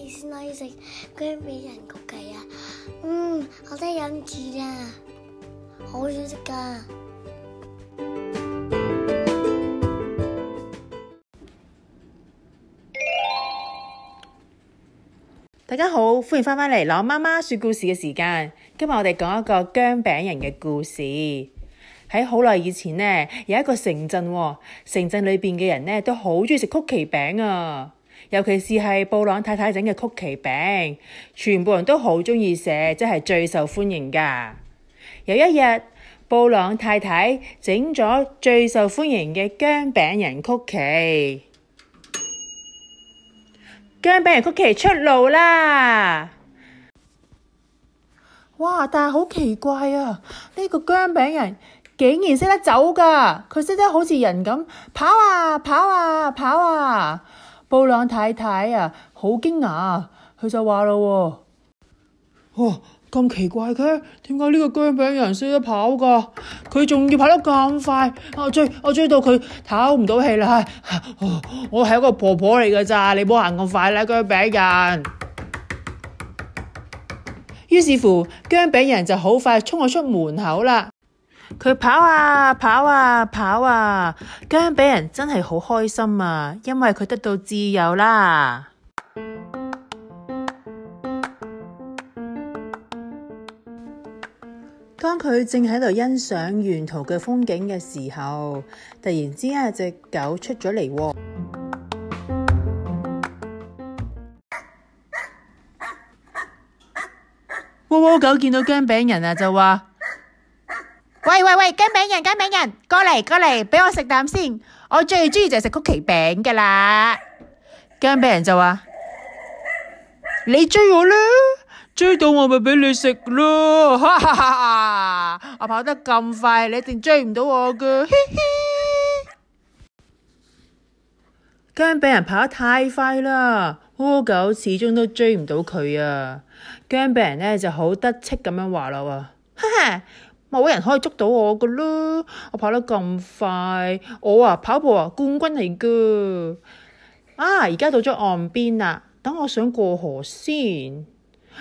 先可以食姜餅人曲奇啊！嗯，我真係忍唔住啦，好想食噶！大家好，歡迎返返嚟《朗媽媽說故事》嘅時間。今日我哋講一個姜餅人嘅故事。喺好耐以前呢，有一個城鎮哦，城鎮裏邊嘅人呢都好中意食曲奇餅啊！尤其是係布朗太太整嘅曲奇餅，全部人都好中意食，即係最受歡迎噶。有一日，布朗太太整咗最受歡迎嘅薑餅人曲奇，薑餅人曲奇出爐啦！哇！但係好奇怪啊，呢、這個薑餅人竟然識得走㗎，佢識得好似人咁跑啊跑啊跑啊！跑啊跑啊布朗太太啊，好驚訝，佢就話咯、啊哦啊：，哦，咁奇怪嘅，點解呢個薑餅人識得跑噶？佢仲要跑得咁快啊！追我追到佢唞唔到氣啦，我係一個婆婆嚟噶咋，你冇行咁快啦，薑餅人。於 是乎，薑餅人就好快衝我出門口啦。佢跑啊，跑啊，跑啊！薑餅人真係好開心啊，因為佢得到自由啦。當佢正喺度欣賞沿途嘅風景嘅時候，突然之間有隻狗出咗嚟。喎喎，狗見到薑餅人啊，就話。喂喂喂，薑餅人，薑餅人，過嚟過嚟，俾我食啖先。我最中意就係食曲奇餅噶啦。薑餅人就話： 你追我啦，追到我咪俾你食咯。 我跑得咁快，你一定追唔到我噶。姜 餅人跑得太快啦，烏狗始終都追唔到佢啊。薑餅人呢就好得戚咁樣話咯，哇！ 冇人可以捉到我噶啦！我跑得咁快，我啊跑步啊冠軍嚟噶啊！而家到咗岸邊啦，等我想過河先。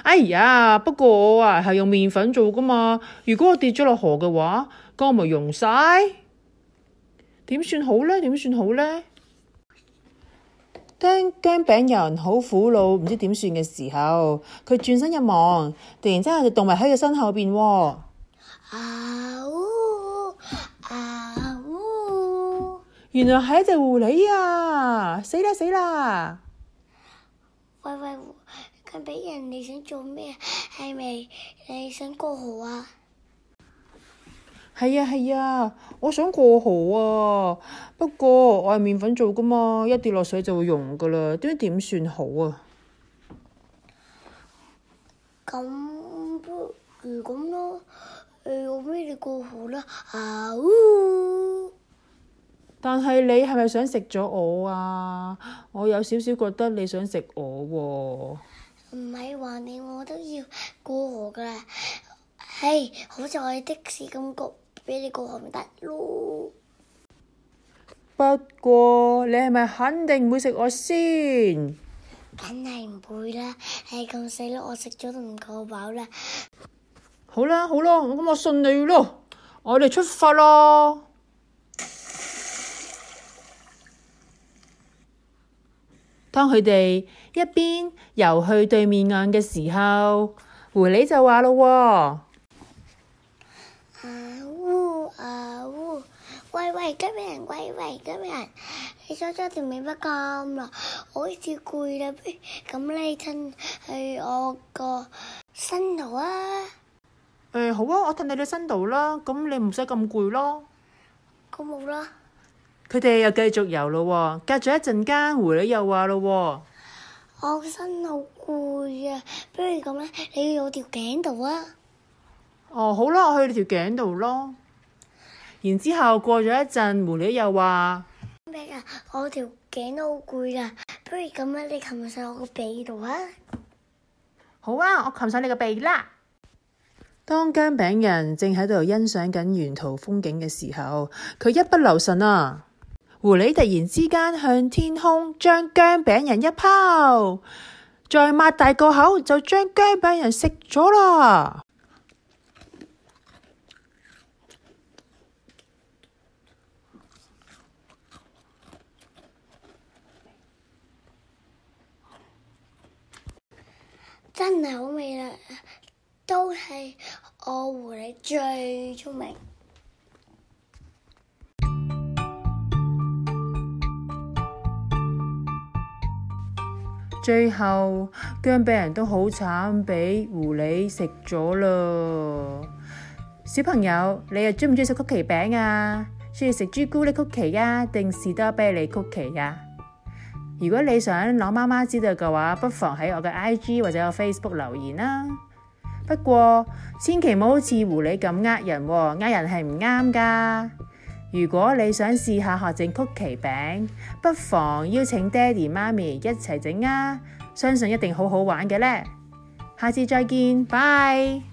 哎呀，不過我啊係用麵粉做噶嘛，如果我跌咗落河嘅話，咁我咪溶晒，點算好呢？點算好呢？薑餅人好苦惱，唔知點算嘅時候，佢轉身一望，突然之間就動物喺佢身後邊。啊嗚啊嗚，啊嗚原來係一隻狐狸啊！死啦死啦！喂喂，咁俾人哋想做咩？係咪你想過河啊？係啊係啊，我想過河啊。不過我係麵粉做噶嘛，一跌落水就會溶噶啦。啲點算好啊？咁如果咯。哎我咩你過河啦！啊嗚！呃、但係你係咪想食咗我啊？我有少少覺得你想食我喎、啊。唔係話你，我都要過河噶啦。嘿、哎，好似我哋的，的士咁過，俾你過河咪得咯。不過你係咪肯定唔會食我先？梗係唔會啦。係咁死咯，我食咗都唔夠飽啦。好啦，好咯，咁我信你咯，我哋出發啦。當佢哋一邊游去對面岸嘅時候，狐狸就話咯：啊嗚，誒嗚，喂喂，薑餅人，喂喂，薑餅人，你走走條尾巴咁耐啦，我好似攰啦，咁你趁去我個新路啊！誒好啊，我氹你嘅身度啦，咁你唔使咁攰咯。咁好啦。佢哋又繼續游咯喎，隔咗一陣間，狐狸又話咯喎。我個身好攰啊，不如咁啦，你要我條頸度啊。哦，好啦，我去你條頸度咯。然之後過咗一陣，狐狸又話：咩啊？我條頸都好攰啊，不如咁啦，你擒上我個鼻度啊。好啊，我擒上你個鼻啦。當薑餅人正喺度欣賞緊沿途風景嘅時候，佢一不留神啊，狐狸突然之間向天空將薑餅人一拋，再擘大個口就將薑餅人食咗啦！真係好味啦，都係。我狐狸最聰明，最後薑餅人都好慘，俾狐狸食咗咯。小朋友，你又中唔中意食曲奇餅啊？中意食朱古力曲奇啊，定士多啤梨曲奇啊？如果你想攞媽媽知道嘅話，不妨喺我嘅 IG 或者我 Facebook 留言啦。不過千祈唔好似狐狸咁呃人喎，呃人係唔啱噶。如果你想試下學整曲奇餅，不妨邀請爹哋媽咪一齊整啊！相信一定好好玩嘅咧。下次再見，拜。